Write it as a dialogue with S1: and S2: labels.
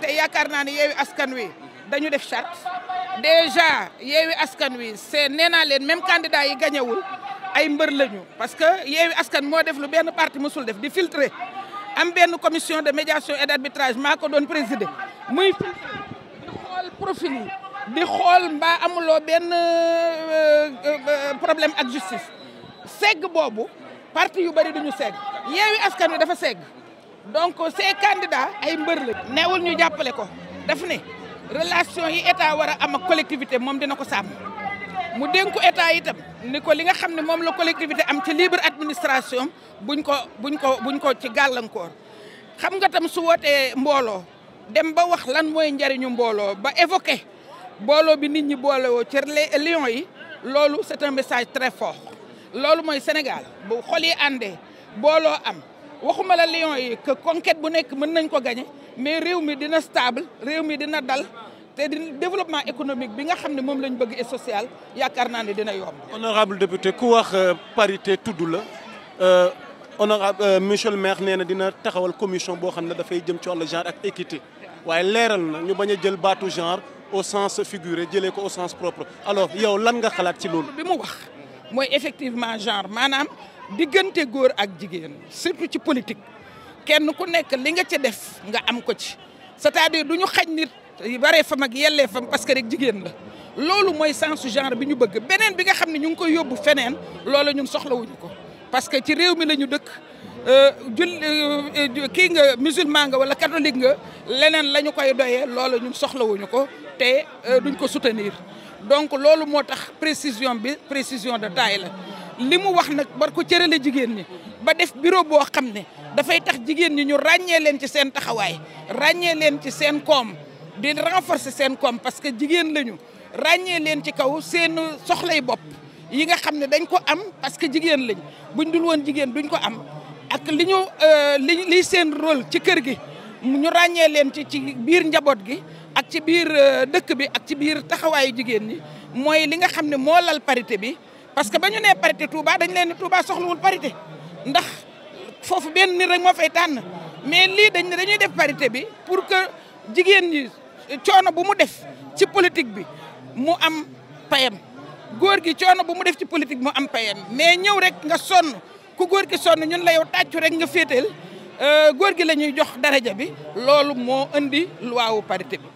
S1: te yaakaar naa ne yeewi askan wi dañu def charte déjà yeewi askan wi c'est nee naa leen même candidat yi gañewul ay mbër lañu parce que yeewi askan moo def lu benn parti musul def di filtrer am benn commission de médiation et d'arbitrage maa ko doon présider muy filtrer di xool profil yi di xool mbaa amuloo benn euh, euh, euh, problème ak justice segg boobu parti yu bëri duñu segg yeewi askan wi dafa segg donc ces candidats ay mbër neewul ñu jàppale ko daf ne relation yi état war a am ak collectivité moom dina ko sàmm mu dénku état itam ni ko li nga xam ne moom la collectivité am ci libre administration buñ ko buñ ko buñ ko ci gàllankoor xam nga tam su wootee mbooloo dem ba wax lan mooy njariñu mbooloo ba évoqué mbooloo bi nit ñi boolewoo ci lion yi loolu c'est un message très fort loolu mooy Sénégal bu xol yi àndee booloo am waxuma la Lions yi que conquête bu nekk mën nañ ko gagné mais réew mi dina stable réew mi dina dal te di développement économique bi nga xam ne moom lañ bëgg et social yaakaar naa ne dina yomb. honorable député ku wax euh, parité tudd la euh, honorable euh, monsieur le maire nee na dina taxawal commission boo xam ne dafay jëm ci wàllu genre ak équité waaye leeral na ñu bañ a jël baatu genre au sens figuré jëlee ko au sens propre alors yow lan nga xalaat ci loolu. bi mu wax mooy diggante góor ak jigéen surtout ci politique kenn ku nekk li nga ci def nga am ko ci c'est-à-dire du ñu xañ nit yu baree fam ak yellee fam parce que rek jigéen la loolu mooy sensu genre bi ñu bëgg beneen bi nga xam ne ñu ngi koy yóbbu feneen loolu ñun soxlawuñu ko parce que ci réew mi la ñu dëkk euh, jul euh, kii nga musulman nga wala catholique nga leneen la ñu koy doyee loolu ñun soxlawuñu ko te euh, duñ ko soutenir donc loolu moo tax précision bi précision de taille la li mu wax nag war ko cërale jigéen ñi ba def bureau boo xam ne dafay tax jigéen ñi ñu ràññee leen ci seen taxawaay ràññee leen ci seen koom di renforcer seen koom parce que jigéen lañu ràññee leen ci kaw seen soxlay bopp yi nga xam ne dañ ko am parce que jigéen lañ buñ dul woon jigéen duñ ko am ak li ñu euh, li liy seen rôle ci kër gi ñu ràññee leen ci ci biir njaboot gi ak ci biir euh, dëkk bi ak ci biir taxawaayu jigéen ñi mooy li nga xam ne moo lal parité bi parce que ba ñu nee parité Touba dañ leen ni Touba soxlawul parité ndax foofu benn nit rek moo fay tànn mais lii dañ ne dañuy def parité bi pour que jigéen ñi coono bu mu def ci politique bi mu am payam góor gi coono ba mu def ci politique mu am payam mais ñëw rek nga sonn ku góor gi sonn ñun la yow tàccu rek nga féeteel euh, góor gi la ñuy jox daraja bi loolu moo indi luwaawu parité bi